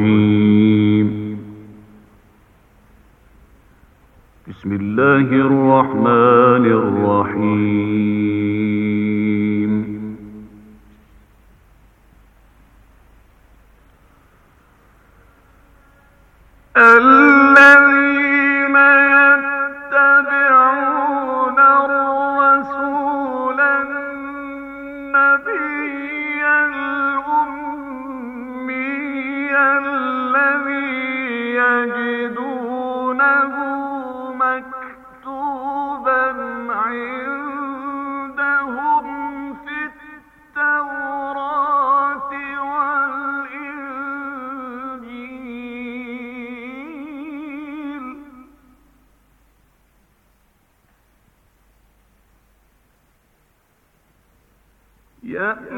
الرحيم Yeah.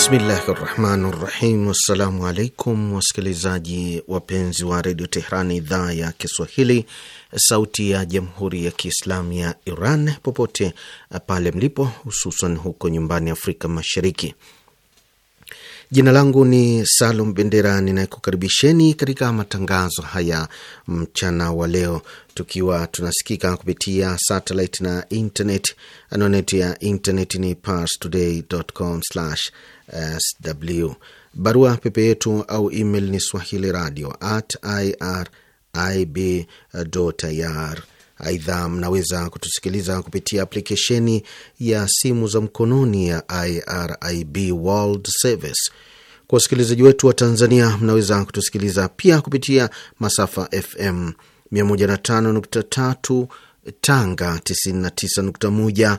Bismillahi rahmani rahim. Wassalamu alaikum wasikilizaji wapenzi wa redio Teherani, idhaa ya Kiswahili, sauti ya jamhuri ya kiislamu ya Iran, popote pale mlipo, hususan huko nyumbani Afrika Mashariki. Jina langu ni Salum Bendera, ninayekukaribisheni katika matangazo haya mchana wa leo, tukiwa tunasikika kupitia satellite na internet. Anwani ya internet ni parstoday.com sw. Barua pepe yetu au email ni swahili radio at irib ir. Aidha, mnaweza kutusikiliza kupitia aplikesheni ya simu za mkononi ya IRIB World Service. Kwa wasikilizaji wetu wa Tanzania, mnaweza kutusikiliza pia kupitia masafa FM 105.3 Tanga, 99.1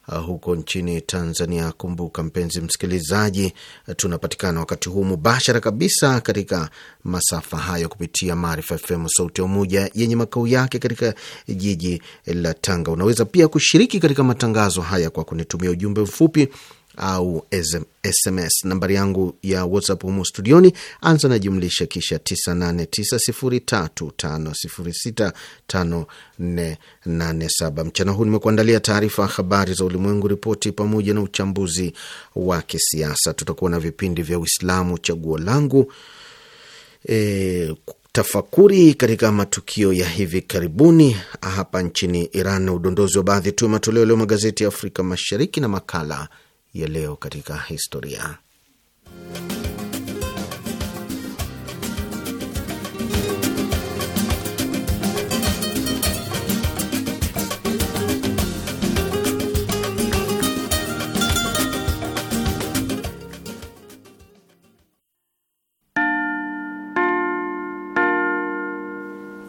Eh, huko nchini Tanzania. Kumbuka mpenzi msikilizaji, eh, tunapatikana wakati huu mubashara kabisa katika masafa hayo kupitia Maarifa FM sauti ya Umoja yenye makao yake katika jiji la Tanga. Unaweza pia kushiriki katika matangazo haya kwa kunitumia ujumbe mfupi au SMS. Nambari yangu ya WhatsApp humo studioni, anza na jumlisha kisha 989035065487. Mchana huu nimekuandalia taarifa ya habari za ulimwengu, ripoti pamoja na uchambuzi wa kisiasa. Tutakuwa na vipindi vya Uislamu, chaguo langu, e, tafakuri katika matukio ya hivi karibuni hapa nchini Iran, na udondozi wa baadhi tu ya matoleo leo magazeti ya Afrika Mashariki na makala ya leo katika historia.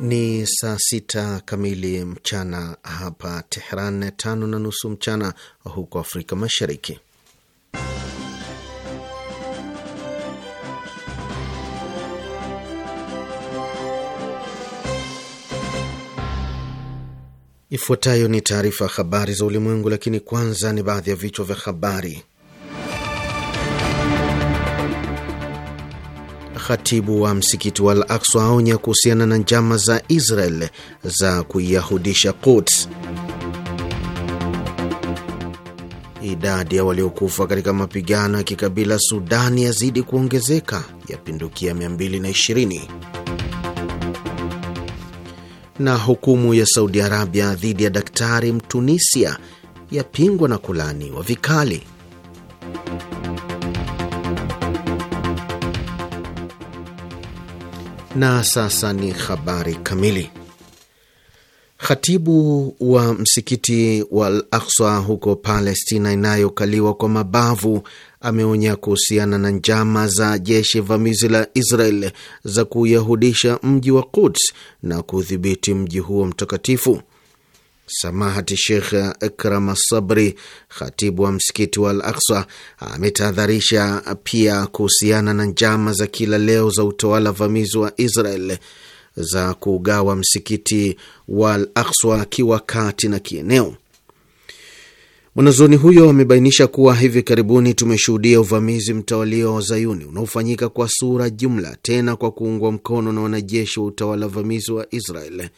Ni saa sita kamili mchana hapa Tehran, tano na nusu mchana huko Afrika Mashariki. Ifuatayo ni taarifa habari za ulimwengu, lakini kwanza ni baadhi ya vichwa vya habari. Khatibu wa msikiti wa Al Aksa aonya kuhusiana na njama za Israel za kuiyahudisha Quds. Idadi ya waliokufa katika mapigano ya kikabila Sudani yazidi kuongezeka, yapindukia 220 na hukumu ya Saudi Arabia dhidi ya daktari Mtunisia yapingwa na kulaaniwa vikali. Na sasa ni habari kamili. Khatibu wa msikiti wa Al Aksa huko Palestina inayokaliwa kwa mabavu ameonya kuhusiana na njama za jeshi vamizi la Israel za kuyahudisha mji wa Quds na kudhibiti mji huo mtakatifu. Samahati Sheikh Ikram Sabri, khatibu wa msikiti wa Al Aksa, ametahadharisha pia kuhusiana na njama za kila leo za utawala vamizi wa Israel za kugawa msikiti wa Al Akswa kiwakati na kieneo. Mwanazuoni huyo amebainisha kuwa hivi karibuni tumeshuhudia uvamizi mtawalio wa zayuni unaofanyika kwa sura jumla, tena kwa kuungwa mkono na wanajeshi wa utawala vamizi wa Israel.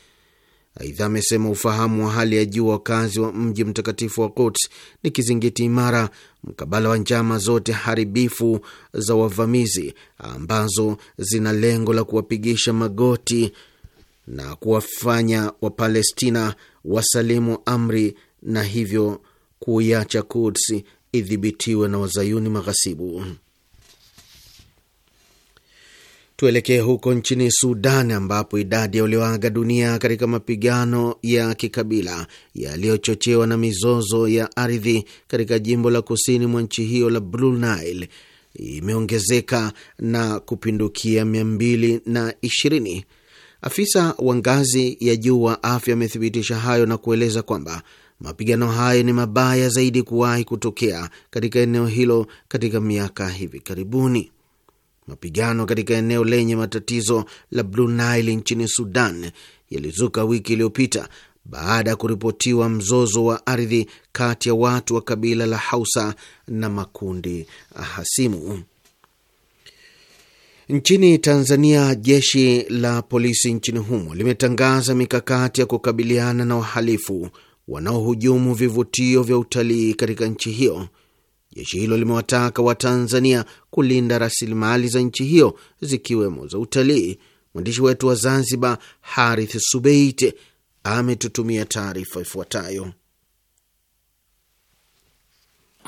Aidha, amesema ufahamu wa hali ya juu wa wakazi wa mji mtakatifu wa Quds ni kizingiti imara mkabala wa njama zote haribifu za wavamizi ambazo zina lengo la kuwapigisha magoti na kuwafanya Wapalestina wasalimu amri na hivyo kuiacha Quds idhibitiwe na wazayuni maghasibu. Tuelekee huko nchini Sudan ambapo idadi ya walioaga dunia katika mapigano ya kikabila yaliyochochewa na mizozo ya ardhi katika jimbo la kusini mwa nchi hiyo la Blue Nile imeongezeka na kupindukia 220. Afisa wa ngazi ya juu wa afya amethibitisha hayo na kueleza kwamba Mapigano hayo ni mabaya zaidi kuwahi kutokea katika eneo hilo katika miaka hivi karibuni. Mapigano katika eneo lenye matatizo la Blue Nile nchini Sudan yalizuka wiki iliyopita baada ya kuripotiwa mzozo wa ardhi kati ya watu wa kabila la Hausa na makundi hasimu. Nchini Tanzania, jeshi la polisi nchini humo limetangaza mikakati ya kukabiliana na wahalifu wanaohujumu vivutio vya utalii katika nchi hiyo. Jeshi hilo limewataka Watanzania kulinda rasilimali za nchi hiyo zikiwemo za utalii. Mwandishi wetu wa Zanzibar, Harith Subeite, ametutumia taarifa ifuatayo.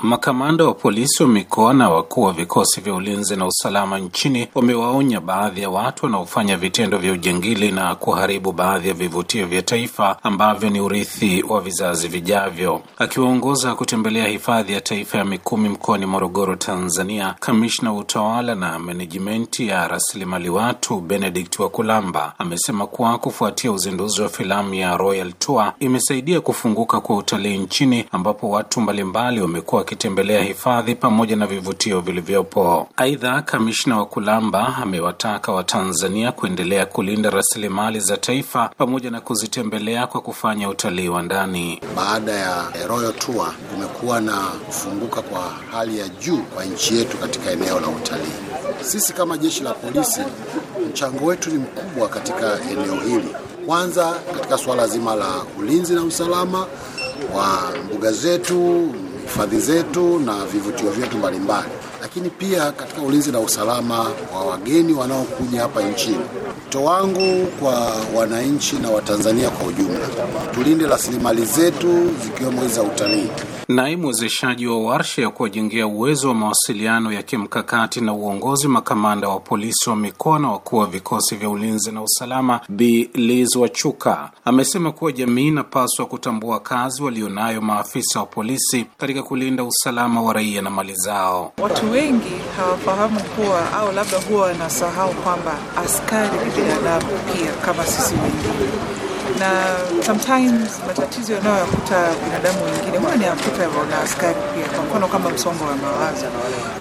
Makamanda wa polisi wa mikoa na wakuu wa vikosi vya ulinzi na usalama nchini wamewaonya baadhi ya watu wanaofanya vitendo vya ujangili na kuharibu baadhi ya vivutio vya taifa ambavyo ni urithi wa vizazi vijavyo. Akiwaongoza kutembelea hifadhi ya taifa ya Mikumi mkoani Morogoro, Tanzania, kamishna wa utawala na menejimenti ya rasilimali watu Benedict Wakulamba amesema kuwa kufuatia uzinduzi wa filamu ya Royal Tour imesaidia kufunguka kwa utalii nchini ambapo watu mbalimbali wamekuwa wakitembelea hifadhi pamoja na vivutio vilivyopo. Aidha, kamishna wa Kulamba amewataka Watanzania kuendelea kulinda rasilimali za taifa pamoja na kuzitembelea kwa kufanya utalii wa ndani. Baada ya Royal Tour kumekuwa na kufunguka kwa hali ya juu kwa nchi yetu katika eneo la utalii. Sisi kama jeshi la polisi, mchango wetu ni mkubwa katika eneo hili, kwanza katika suala zima la ulinzi na usalama wa mbuga zetu hifadhi zetu na vivutio vyetu mbalimbali, lakini pia katika ulinzi na usalama wa wageni wanaokuja hapa nchini. Wito wangu kwa wananchi na Watanzania kwa ujumla, tulinde rasilimali zetu zikiwemo hizi za utalii. Naibu mwezeshaji wa warsha ya kuwajengea uwezo wa mawasiliano ya kimkakati na uongozi makamanda wa polisi wa mikoa na wakuu wa vikosi vya ulinzi na usalama, Bi Liz Wachuka amesema kuwa jamii inapaswa kutambua kazi walionayo maafisa wa polisi katika kulinda usalama wa raia na mali zao. Watu wengi hawafahamu kuwa au labda huwa wanasahau kwamba askari ni binadamu pia kama sisi wengine na sometimes matatizo yanayoyakuta binadamu wengine huwa ni afrika wana askari pia, kwa mfano kama msongo wa mawazo.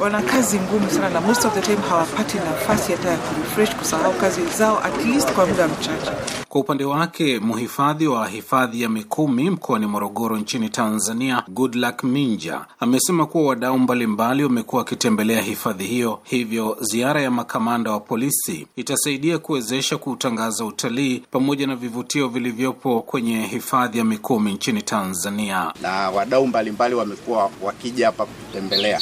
Wana kazi ngumu sana, na most of the time hawapati nafasi hata ya kurefresh, kusahau kazi zao at least kwa muda mchache. Kwa upande wake mhifadhi wa hifadhi ya Mikumi mkoani Morogoro nchini Tanzania, Goodluck Minja amesema kuwa wadau mbalimbali wamekuwa wakitembelea hifadhi hiyo, hivyo ziara ya makamanda wa polisi itasaidia kuwezesha kuutangaza utalii pamoja na vivutio vile vilivyopo kwenye hifadhi ya Mikumi nchini Tanzania, na wadau mbalimbali wamekuwa wakija hapa kutembelea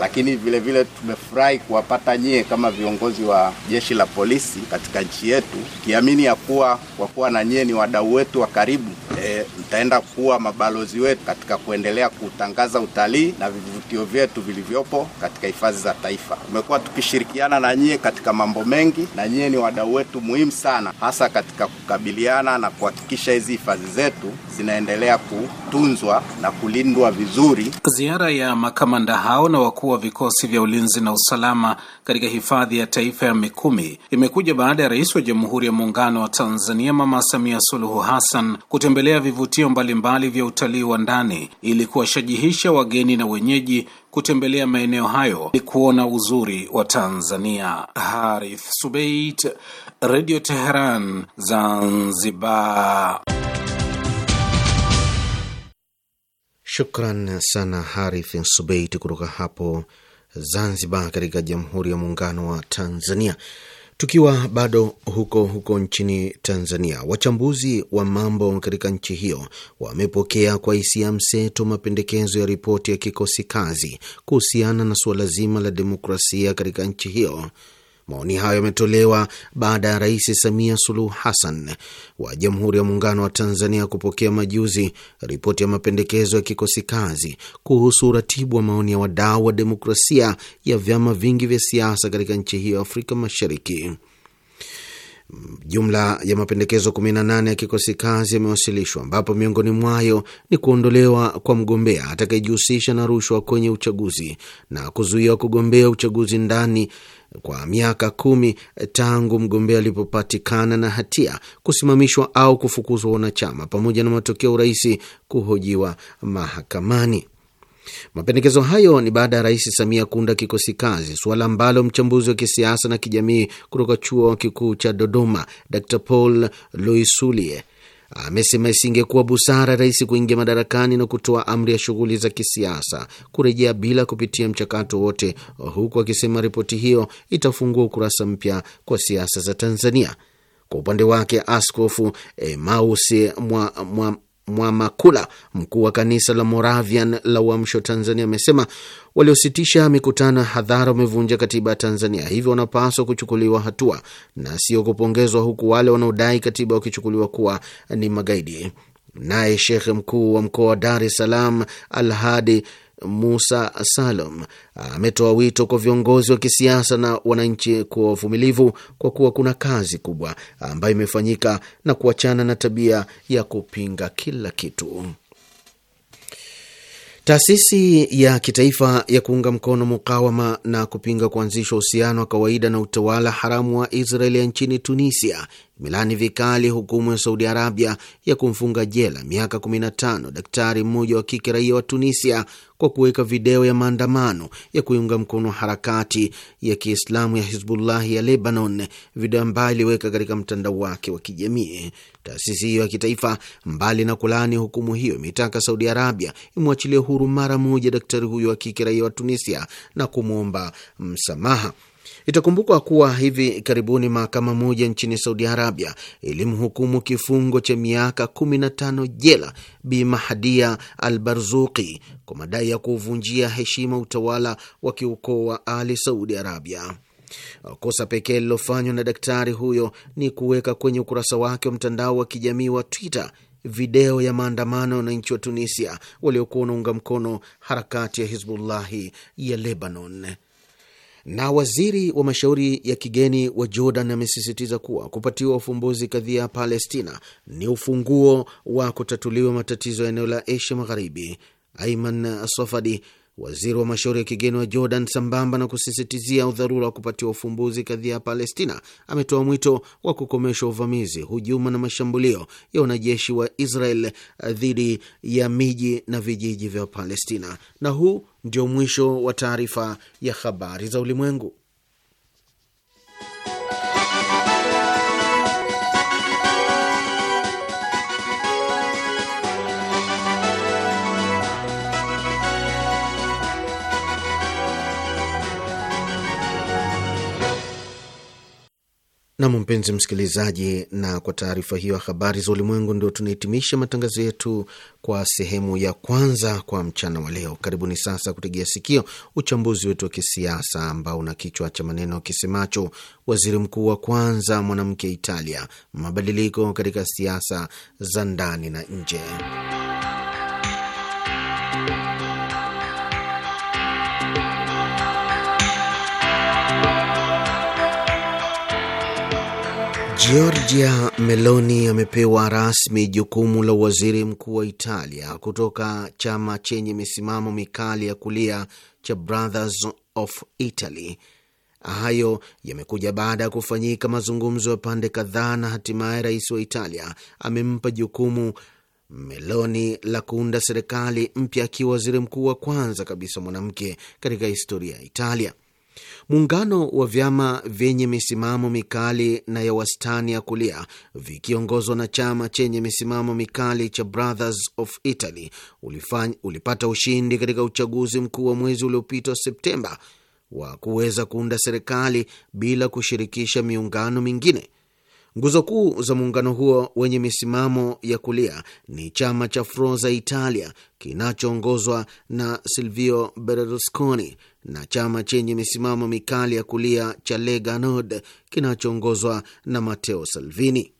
lakini vile vile tumefurahi kuwapata nyie kama viongozi wa jeshi la polisi katika nchi yetu, kiamini ya kuwa kwa kuwa na nyie ni wadau wetu wa karibu e, mtaenda kuwa mabalozi wetu katika kuendelea kutangaza utalii na vivutio vyetu vilivyopo katika hifadhi za taifa. Tumekuwa tukishirikiana na nyie katika mambo mengi, na nyie ni wadau wetu muhimu sana, hasa katika kukabiliana na kuhakikisha hizi hifadhi zetu zinaendelea kutunzwa na kulindwa vizuri. Ziara ya makamanda hao na wakuu mkuu wa vikosi vya ulinzi na usalama katika hifadhi ya taifa ya Mikumi imekuja baada ya rais wa Jamhuri ya Muungano wa Tanzania Mama Samia Suluhu Hassan kutembelea vivutio mbalimbali vya utalii wa ndani ili kuwashajihisha wageni na wenyeji kutembelea maeneo hayo ili kuona uzuri wa Tanzania. Harith Subeit, Radio Teheran, Zanzibar. Shukran sana Harith Subeit kutoka hapo Zanzibar, katika Jamhuri ya Muungano wa Tanzania. Tukiwa bado huko huko nchini Tanzania, wachambuzi wa mambo katika nchi hiyo wamepokea kwa hisia mseto mapendekezo ya ripoti ya kikosi kazi kuhusiana na suala zima la demokrasia katika nchi hiyo. Maoni hayo yametolewa baada ya Rais Samia Suluhu Hassan wa Jamhuri ya Muungano wa Tanzania kupokea majuzi ripoti ya mapendekezo ya kikosi kazi kuhusu uratibu wa maoni ya wadau wa demokrasia ya vyama vingi vya siasa katika nchi hiyo ya Afrika Mashariki. Jumla ya mapendekezo 18 ya kikosi kazi yamewasilishwa ambapo miongoni mwayo ni kuondolewa kwa mgombea atakayejihusisha na rushwa kwenye uchaguzi na kuzuia kugombea uchaguzi ndani kwa miaka kumi tangu mgombea alipopatikana na hatia, kusimamishwa au kufukuzwa wanachama, pamoja na matokeo urais kuhojiwa mahakamani. Mapendekezo hayo ni baada ya Rais Samia kuunda kikosi kazi, suala ambalo mchambuzi wa kisiasa na kijamii kutoka chuo kikuu cha Dodoma, Dr Paul Loisulie amesema isingekuwa busara rais kuingia madarakani na kutoa amri ya shughuli za kisiasa kurejea bila kupitia mchakato wote, huku akisema ripoti hiyo itafungua ukurasa mpya kwa siasa za Tanzania. Kwa upande wake Askofu Mausi mwa, mwa, Mwamakula, mkuu wa kanisa la Moravian la Uamsho Tanzania, amesema waliositisha mikutano ya hadhara wamevunja katiba ya Tanzania, hivyo wanapaswa kuchukuliwa hatua na sio kupongezwa, huku wale wanaodai katiba wakichukuliwa kuwa ni magaidi. Naye shekhe mkuu wa mkoa wa Dar es Salaam Alhadi Musa Salom ametoa wito kwa viongozi wa kisiasa na wananchi kuwa wavumilivu kwa kuwa kuna kazi kubwa ambayo imefanyika na kuachana na tabia ya kupinga kila kitu. Taasisi ya kitaifa ya kuunga mkono mukawama na kupinga kuanzishwa uhusiano wa kawaida na utawala haramu wa Israeli nchini Tunisia imelani vikali hukumu ya Saudi Arabia ya kumfunga jela miaka 15 daktari mmoja wa kike raia wa Tunisia kwa kuweka video ya maandamano ya kuiunga mkono harakati ya Kiislamu ya Hizbullahi ya Lebanon, video ambayo iliweka katika mtandao wake wa kijamii. Taasisi hiyo ya kitaifa, mbali na kulaani hukumu hiyo, imetaka Saudi Arabia imwachilie huru mara moja daktari huyo wa kike raia wa Tunisia na kumwomba msamaha. Itakumbukwa kuwa hivi karibuni mahakama moja nchini Saudi Arabia ilimhukumu kifungo cha miaka 15 jela Bi Al Barzuki kwa madai ya kuvunjia heshima utawala wa kiukoo wa Ali Saudi Arabia. Kosa pekee lilofanywa na daktari huyo ni kuweka kwenye ukurasa wake wa mtandao wa kijamii wa Twitter video ya maandamano ya wananchi wa Tunisia waliokuwa wanaunga mkono harakati ya Hizbullahi ya Lebanon. Na waziri wa mashauri ya kigeni wa Jordan amesisitiza kuwa kupatiwa ufumbuzi kadhia ya Palestina ni ufunguo wa kutatuliwa matatizo ya eneo la Asia Magharibi. Aiman Safadi waziri wa mashauri ya kigeni wa Jordan, sambamba na kusisitizia udharura wa kupatiwa ufumbuzi kadhia ya Palestina, ametoa mwito wa kukomeshwa uvamizi, hujuma na mashambulio ya wanajeshi wa Israel eh, dhidi ya miji na vijiji vya Palestina. Na huu ndio mwisho wa taarifa ya habari za ulimwengu. Nam, mpenzi msikilizaji, na kwa taarifa hiyo ya habari za ulimwengu, ndio tunahitimisha matangazo yetu kwa sehemu ya kwanza kwa mchana wa leo. Karibuni sasa kutegea sikio uchambuzi wetu wa kisiasa ambao una kichwa cha maneno kisemacho waziri mkuu wa kwanza mwanamke Italia, mabadiliko katika siasa za ndani na nje. Giorgia Meloni amepewa rasmi jukumu la waziri mkuu wa Italia kutoka chama chenye misimamo mikali ya kulia cha Brothers of Italy. Hayo yamekuja baada ya kufanyika mazungumzo ya pande kadhaa, na hatimaye rais wa Italia amempa jukumu Meloni la kuunda serikali mpya, akiwa waziri mkuu wa kwanza kabisa mwanamke katika historia ya Italia. Muungano wa vyama vyenye misimamo mikali na ya wastani ya kulia vikiongozwa na chama chenye misimamo mikali cha Brothers of Italy ulifany, ulipata ushindi katika uchaguzi mkuu wa mwezi uliopita Septemba wa kuweza kuunda serikali bila kushirikisha miungano mingine. Nguzo kuu za muungano huo wenye misimamo ya kulia ni chama cha Froza Italia kinachoongozwa na Silvio Berlusconi na chama chenye misimamo mikali ya kulia cha Lega Nord kinachoongozwa na Matteo Salvini.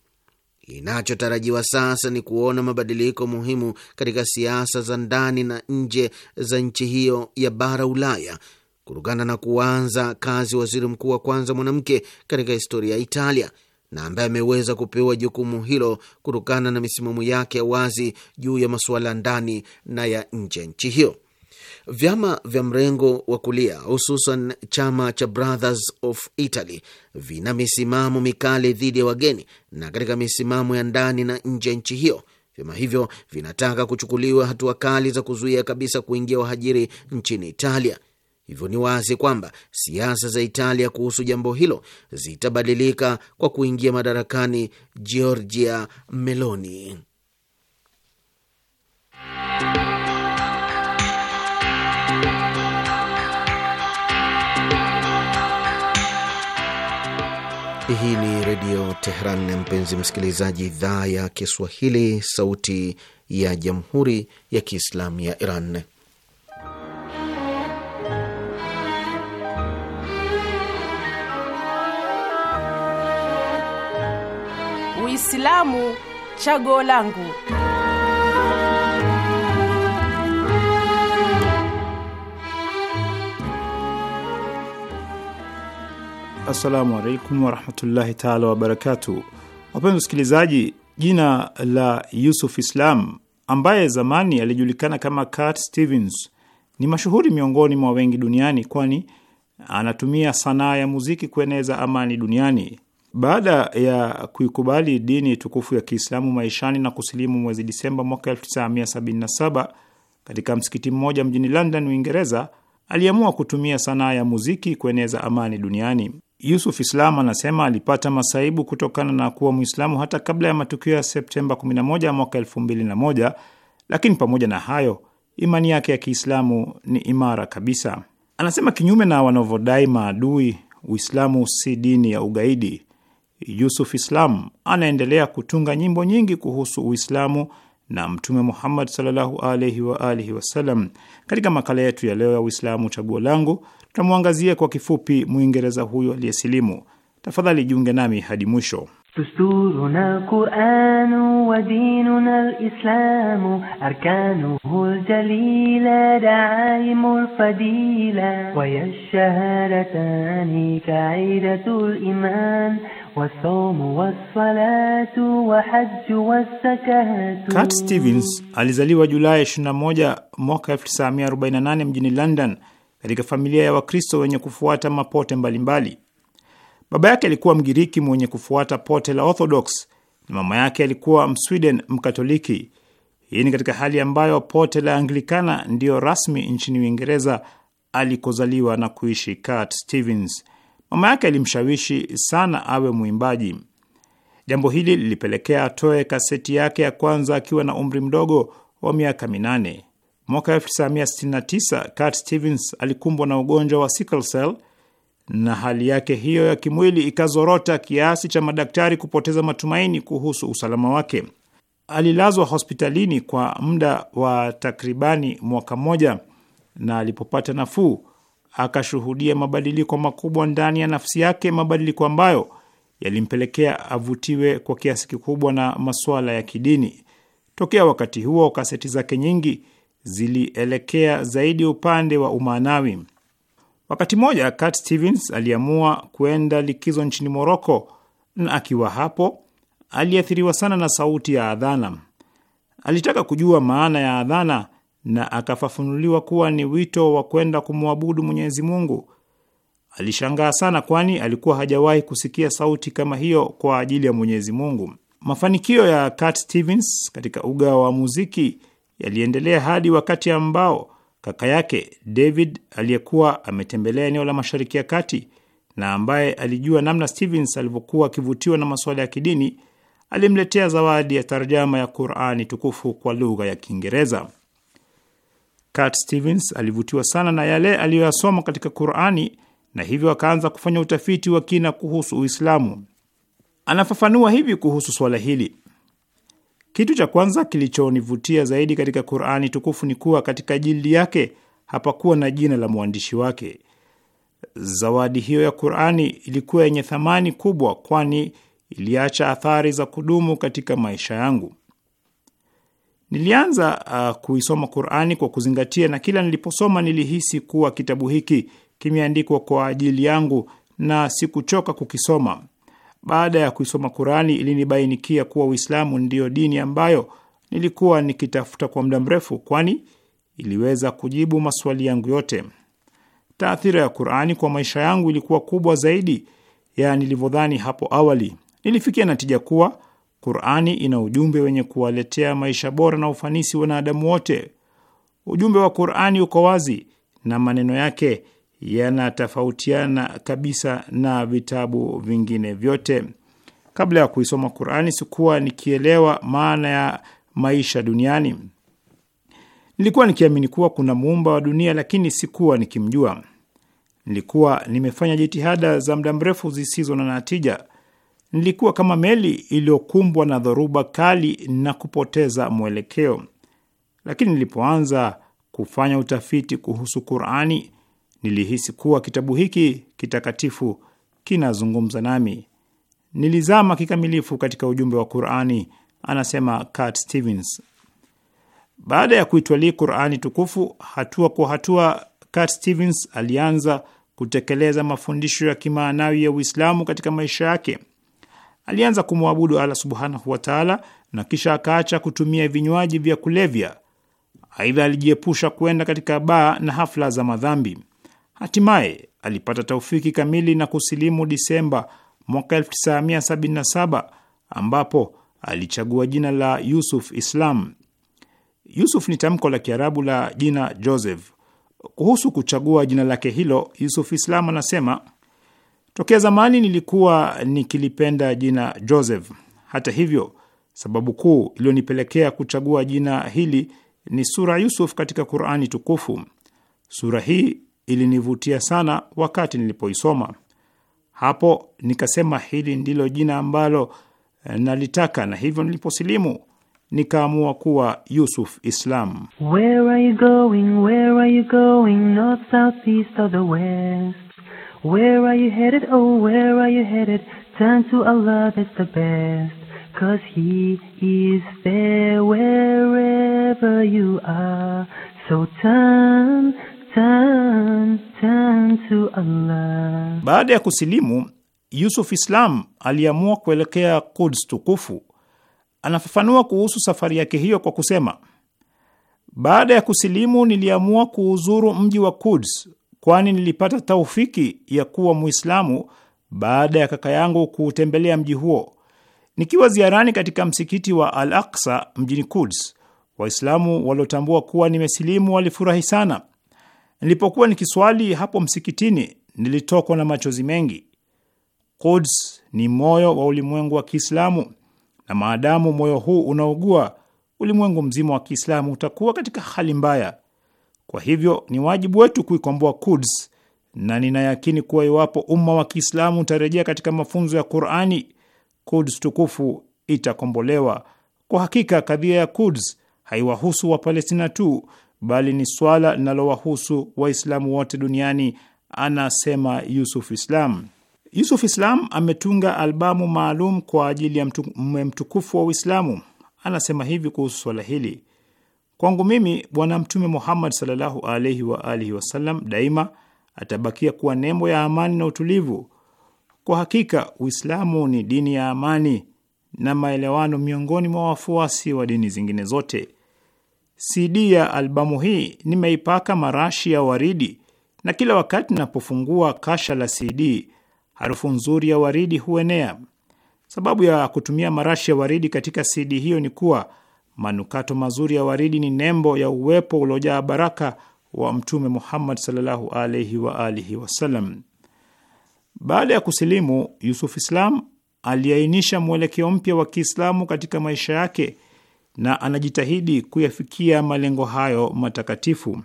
Inachotarajiwa sasa ni kuona mabadiliko muhimu katika siasa za ndani na nje za nchi hiyo ya bara Ulaya kutokana na kuanza kazi waziri mkuu wa kwanza mwanamke katika historia ya Italia na ambaye ameweza kupewa jukumu hilo kutokana na misimamo yake ya wazi juu ya masuala ndani na ya nje ya nchi hiyo. Vyama vya mrengo wa kulia hususan chama cha Brothers of Italy vina misimamo mikali dhidi ya wageni na katika misimamo ya ndani na nje ya nchi hiyo. Vyama hivyo vinataka kuchukuliwa hatua kali za kuzuia kabisa kuingia wahajiri nchini Italia. Hivyo ni wazi kwamba siasa za Italia kuhusu jambo hilo zitabadilika kwa kuingia madarakani Giorgia Meloni. Hii ni Redio Teheran, mpenzi msikilizaji, idhaa ya Kiswahili, sauti ya Jamhuri ya Kiislamu ya Iran. Uislamu chaguo langu. Assalamu alaikum warahmatullahi taala wabarakatu. Wapenzi wasikilizaji, jina la Yusuf Islam ambaye zamani alijulikana kama Cat Stevens ni mashuhuri miongoni mwa wengi duniani, kwani anatumia sanaa ya muziki kueneza amani duniani. Baada ya kuikubali dini tukufu ya Kiislamu maishani na kusilimu mwezi Disemba mwaka 1977 katika msikiti mmoja mjini London, Uingereza, aliamua kutumia sanaa ya muziki kueneza amani duniani. Yusuf Islam anasema alipata masaibu kutokana na kuwa Mwislamu hata kabla ya matukio ya Septemba 11 mwaka 2001, lakini pamoja na hayo imani yake ya Kiislamu ni imara kabisa. Anasema kinyume na wanavyodai maadui, Uislamu si dini ya ugaidi. Yusuf Islam anaendelea kutunga nyimbo nyingi kuhusu Uislamu na Mtume Muhammad sallallahu alaihi wa alihi wasallam. Katika makala yetu ya leo ya Uislamu chaguo langu, tutamwangazia kwa kifupi Mwingereza huyo aliyesilimu. Tafadhali jiunge nami hadi mwisho. Dusturuna wa dinuna alislamu arkanuhu aljalila daimu alfadila kaidatu wassalatu Cat Stevens alizaliwa Julai 21 mwaka 1948 mjini London katika familia ya Wakristo wenye kufuata mapote mbalimbali mbali. Baba yake alikuwa Mgiriki mwenye kufuata pote la Orthodox na mama yake alikuwa Msweden Mkatoliki. Hii ni katika hali ambayo pote la Anglikana ndiyo rasmi nchini Uingereza alikozaliwa na kuishi Cat Stevens. Mama yake alimshawishi sana awe mwimbaji. Jambo hili lilipelekea atoe kaseti yake ya kwanza akiwa na umri mdogo wa miaka minane. Mwaka 1969 Cat Stevens alikumbwa na ugonjwa wa sickle cell na hali yake hiyo ya kimwili ikazorota kiasi cha madaktari kupoteza matumaini kuhusu usalama wake. Alilazwa hospitalini kwa muda wa takribani mwaka mmoja, na alipopata nafuu akashuhudia mabadiliko makubwa ndani ya nafsi yake, mabadiliko ambayo yalimpelekea avutiwe kwa kiasi kikubwa na masuala ya kidini. Tokea wakati huo kaseti zake nyingi zilielekea zaidi upande wa umaanawi. Wakati mmoja Cat Stevens aliamua kuenda likizo nchini Moroko, na akiwa hapo aliathiriwa sana na sauti ya adhana. Alitaka kujua maana ya adhana na akafafunuliwa kuwa ni wito wa kwenda kumwabudu Mwenyezi Mungu. Alishangaa sana, kwani alikuwa hajawahi kusikia sauti kama hiyo kwa ajili ya Mwenyezi Mungu. Mafanikio ya Cat Stevens katika uga wa muziki yaliendelea hadi wakati ambao kaka yake David aliyekuwa ametembelea eneo la Mashariki ya Kati na ambaye alijua namna Stevens alivyokuwa akivutiwa na masuala ya kidini alimletea zawadi ya tarjama ya Qur'ani tukufu kwa lugha ya Kiingereza. Cat Stevens alivutiwa sana na yale aliyoyasoma katika Qur'ani na hivyo akaanza kufanya utafiti wa kina kuhusu Uislamu. Anafafanua hivi kuhusu swala hili: kitu cha kwanza kilichonivutia zaidi katika Qurani tukufu ni kuwa katika jildi yake hapakuwa na jina la mwandishi wake. Zawadi hiyo ya Qurani ilikuwa yenye thamani kubwa, kwani iliacha athari za kudumu katika maisha yangu. Nilianza uh, kuisoma Qurani kwa kuzingatia, na kila niliposoma nilihisi kuwa kitabu hiki kimeandikwa kwa ajili yangu na sikuchoka kukisoma. Baada ya kuisoma Qurani ilinibainikia kuwa Uislamu ndiyo dini ambayo nilikuwa nikitafuta kwa muda mrefu, kwani iliweza kujibu maswali yangu yote. Taathira ya Qurani kwa maisha yangu ilikuwa kubwa zaidi ya nilivyodhani hapo awali. Nilifikia natija kuwa Qurani ina ujumbe wenye kuwaletea maisha bora na ufanisi wanadamu wote. Ujumbe wa Qurani uko wazi na maneno yake yanatofautiana kabisa na vitabu vingine vyote. Kabla ya kuisoma Qurani sikuwa nikielewa maana ya maisha duniani. Nilikuwa nikiamini kuwa kuna muumba wa dunia, lakini sikuwa nikimjua. Nilikuwa nimefanya jitihada za muda mrefu zisizo na natija. Nilikuwa kama meli iliyokumbwa na dhoruba kali na kupoteza mwelekeo. Lakini nilipoanza kufanya utafiti kuhusu Qurani Nilihisi kuwa kitabu hiki kitakatifu kinazungumza nami. Nilizama kikamilifu katika ujumbe wa Qurani, anasema Kat Stevens. Baada ya kuitwalii Qurani tukufu hatua kwa hatua, Kat Stevens alianza kutekeleza mafundisho ya kimaanawi ya Uislamu katika maisha yake. Alianza kumwabudu Allah subhanahu wataala na kisha akaacha kutumia vinywaji vya kulevya. Aidha, alijiepusha kwenda katika baa na hafla za madhambi. Hatimaye alipata taufiki kamili na kusilimu Disemba mwaka 1977 ambapo alichagua jina la Yusuf Islam. Yusuf ni tamko la Kiarabu la jina Joseph. Kuhusu kuchagua jina lake hilo, Yusuf Islam anasema, tokea zamani nilikuwa nikilipenda jina Joseph. Hata hivyo, sababu kuu iliyonipelekea kuchagua jina hili ni sura Yusuf katika Qur'ani tukufu. Sura hii ilinivutia sana wakati nilipoisoma. Hapo nikasema hili ndilo jina ambalo eh, nalitaka, na hivyo niliposilimu nikaamua kuwa Yusuf Islam. Where are you going? Where are you going? North, south, east or the west? Where are you headed? Oh, where are you headed? Turn to Allah, that's the best. Cause he is there wherever you are. So turn Turn, turn to Allah. Baada ya kusilimu Yusuf Islam aliamua kuelekea Quds tukufu. Anafafanua kuhusu safari yake hiyo kwa kusema, baada ya kusilimu niliamua kuuzuru mji wa Quds, kwani nilipata taufiki ya kuwa Muislamu baada ya kaka yangu kuutembelea mji huo. Nikiwa ziarani katika msikiti wa Al Aqsa mjini Quds, Waislamu waliotambua kuwa nimesilimu walifurahi sana. Nilipokuwa nikiswali hapo msikitini, nilitokwa na machozi mengi. Quds ni moyo wa ulimwengu wa Kiislamu, na maadamu moyo huu unaugua, ulimwengu mzima wa Kiislamu utakuwa katika hali mbaya. Kwa hivyo ni wajibu wetu kuikomboa Quds, na ninayakini kuwa iwapo umma wa Kiislamu utarejea katika mafunzo ya Qur'ani, Quds tukufu itakombolewa. Kwa hakika kadhia ya Quds haiwahusu Wapalestina tu bali ni swala linalowahusu Waislamu wote duniani, anasema Yusuf Islam. Yusuf Islam ametunga albamu maalum kwa ajili ya mtume mtukufu wa Uislamu. Anasema hivi kuhusu swala hili: kwangu mimi Bwana Mtume Muhammad sallallahu alaihi wa alihi wasallam daima atabakia kuwa nembo ya amani na utulivu. Kwa hakika Uislamu ni dini ya amani na maelewano miongoni mwa wafuasi wa dini zingine zote. CD ya albamu hii nimeipaka marashi ya waridi, na kila wakati ninapofungua kasha la CD harufu nzuri ya waridi huenea. Sababu ya kutumia marashi ya waridi katika CD hiyo ni kuwa manukato mazuri ya waridi ni nembo ya uwepo uliojaa baraka wa Mtume Muhammad sallallahu alaihi wa alihi wasallam. Baada ya kusilimu, Yusuf Islam aliainisha mwelekeo mpya wa Kiislamu katika maisha yake na anajitahidi kuyafikia malengo hayo matakatifu.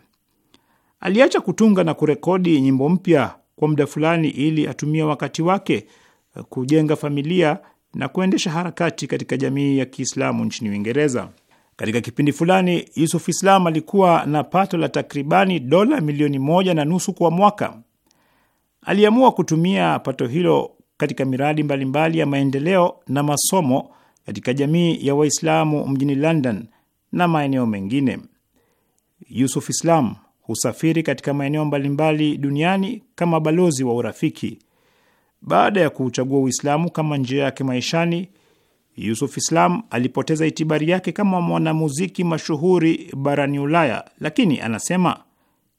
Aliacha kutunga na kurekodi nyimbo mpya kwa muda fulani ili atumie wakati wake eh, kujenga familia na kuendesha harakati katika jamii ya Kiislamu nchini Uingereza. Katika kipindi fulani, Yusuf Islam alikuwa na pato la takribani dola milioni moja na nusu kwa mwaka. Aliamua kutumia pato hilo katika miradi mbalimbali mbali ya maendeleo na masomo katika jamii ya Waislamu mjini London na maeneo mengine. Yusuf Islam husafiri katika maeneo mbalimbali duniani kama balozi wa urafiki. Baada ya kuuchagua Uislamu kama njia yake maishani, Yusuf Islam alipoteza itibari yake kama mwanamuziki mashuhuri barani Ulaya, lakini anasema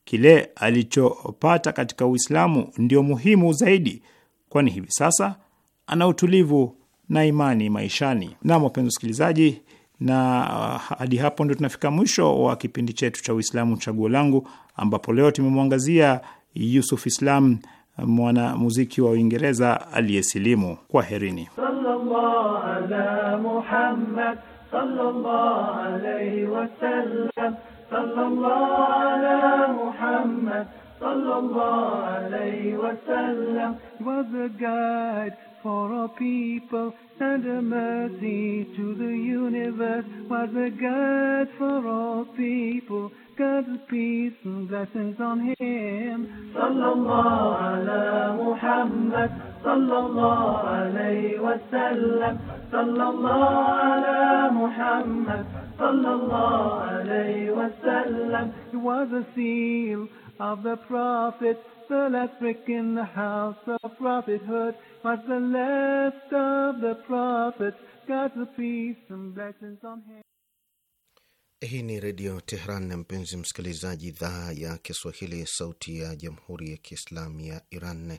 kile alichopata katika Uislamu ndio muhimu zaidi, kwani hivi sasa ana utulivu na imani maishani. Nam, wapenzi wasikilizaji, na uh, hadi hapo ndio tunafika mwisho wa kipindi chetu cha Uislamu Chaguo Langu, ambapo leo tumemwangazia Yusuf Islam, mwanamuziki wa Uingereza aliyesilimu. Kwa herini. for all people, and a mercy to the universe. was the God for all people, God's peace and blessings on him. Sallallahu ala Muhammad, sallallahu alayhi wa sallam, sallallahu ala Muhammad, sallallahu alayhi wa sallam. He was a seal of the prophet, the last brick in the house of prophethood was the last of the prophets. God's peace and blessings on him. Hii ni Redio Tehran na mpenzi msikilizaji, idhaa ya Kiswahili, sauti ya jamhuri ya kiislamu ya Iran.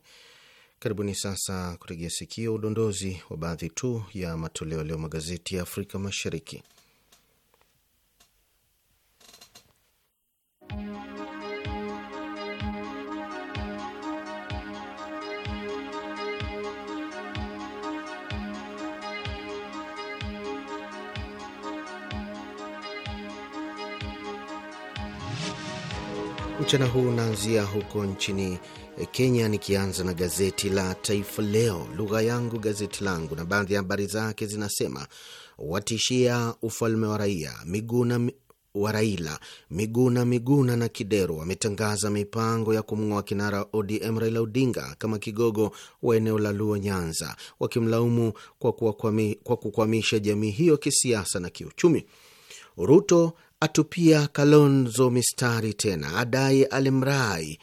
Karibuni sasa kutegea sikio udondozi wa baadhi tu ya matoleo leo magazeti ya Afrika Mashariki. Mchana huu unaanzia huko nchini Kenya, nikianza na gazeti la Taifa Leo, lugha yangu gazeti langu, na baadhi ya habari zake zinasema: watishia ufalme wa raia Miguna wa Raila, Miguna Miguna na Kidero wametangaza mipango ya kumng'oa kinara ODM Raila Odinga kama kigogo wa eneo la Luo Nyanza, wakimlaumu kwa kukwamisha jamii hiyo kisiasa na kiuchumi. Ruto atupia Kalonzo mistari tena, adai alimrai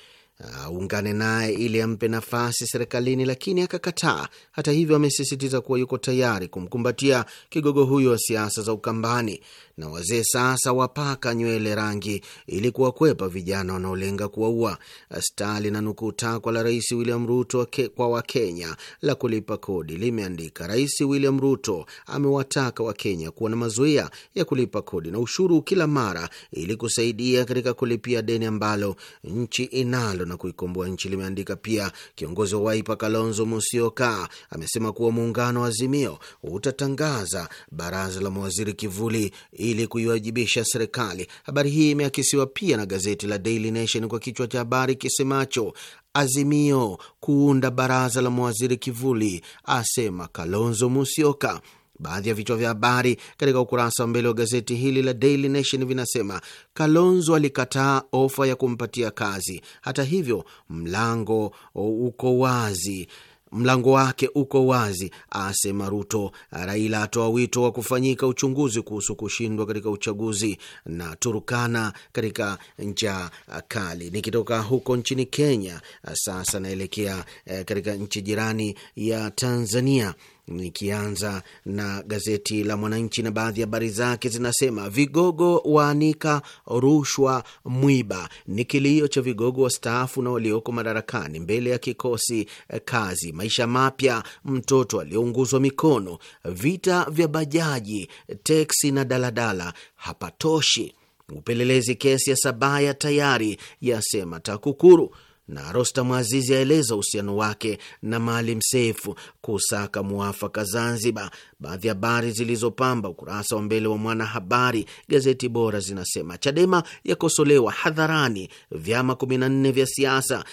aungane uh, naye ili ampe nafasi serikalini, lakini akakataa. Hata hivyo, amesisitiza kuwa yuko tayari kumkumbatia kigogo huyo wa siasa za Ukambani na wazee sasa wapaka nywele rangi ili kuwakwepa vijana wanaolenga kuwaua. Stali na nukuu takwa la Rais William Ruto kwa Wakenya la kulipa kodi limeandika, Rais William Ruto amewataka Wakenya kuwa na mazoea ya kulipa kodi na ushuru kila mara ili kusaidia katika kulipia deni ambalo nchi inalo na kuikomboa nchi, limeandika pia. Kiongozi wa Waipa Kalonzo Musyoka amesema kuwa muungano wa Azimio utatangaza baraza la mawaziri kivuli ili kuiwajibisha serikali. Habari hii imeakisiwa pia na gazeti la Daily Nation kwa kichwa cha habari kisemacho Azimio kuunda baraza la mawaziri kivuli, asema Kalonzo Musyoka. Baadhi ya vichwa vya habari katika ukurasa wa mbele wa gazeti hili la Daily Nation vinasema Kalonzo alikataa ofa ya kumpatia kazi, hata hivyo mlango uko wazi mlango wake uko wazi, asema Ruto. Raila atoa wito wa kufanyika uchunguzi kuhusu kushindwa katika uchaguzi na Turukana katika njaa kali. Nikitoka huko nchini Kenya, sasa naelekea eh, katika nchi jirani ya Tanzania Nikianza na gazeti la Mwananchi na baadhi ya habari zake zinasema: vigogo waanika rushwa mwiba, ni kilio cha vigogo wastaafu na walioko madarakani mbele ya kikosi eh, kazi. Maisha mapya, mtoto aliyeunguzwa mikono, vita vya bajaji, teksi na daladala hapatoshi. Upelelezi kesi ya Sabaya tayari, yasema TAKUKURU na Rostam Azizi aeleza uhusiano wake na Maalim Seif kusaka mwafaka Zanzibar. Baadhi ya habari zilizopamba ukurasa wa mbele wa Mwanahabari gazeti bora zinasema Chadema yakosolewa hadharani, vyama 14 vya siasa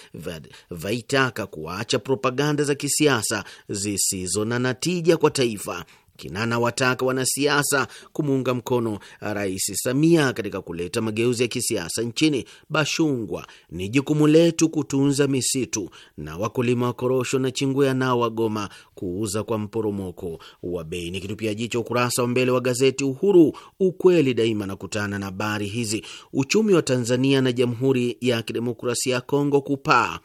vaitaka kuacha propaganda za kisiasa zisizo na natija kwa taifa. Kinana wataka wanasiasa kumuunga mkono Rais Samia katika kuleta mageuzi ya kisiasa nchini. Bashungwa: ni jukumu letu kutunza misitu, na wakulima wa korosho na chingwea nao wagoma kuuza kwa mporomoko wa bei. Ni kitupia jicho ukurasa wa mbele wa gazeti Uhuru, ukweli daima, nakutana na habari hizi: uchumi wa Tanzania na Jamhuri ya Kidemokrasia ya Kongo kupaa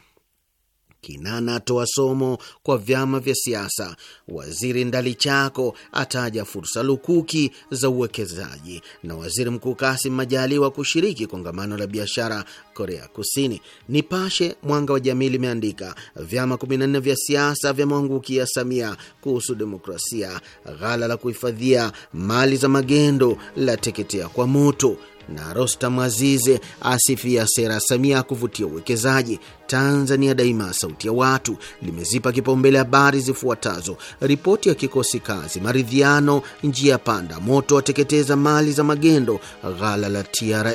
Kinana atoa somo kwa vyama vya siasa. Waziri Ndalichako ataja fursa lukuki za uwekezaji, na waziri mkuu Kasim Majaliwa kushiriki kongamano la biashara Korea Kusini. Nipashe Mwanga wa Jamii limeandika vyama 14 vya siasa vyamwangukia Samia kuhusu demokrasia. Ghala la kuhifadhia mali za magendo la teketea kwa moto na Rostam Azize asifia sera Samia kuvutia uwekezaji. Tanzania Daima, sauti ya watu, limezipa kipaumbele habari zifuatazo: ripoti ya kikosi kazi, maridhiano njia panda, moto wateketeza mali za magendo, ghala la TRA,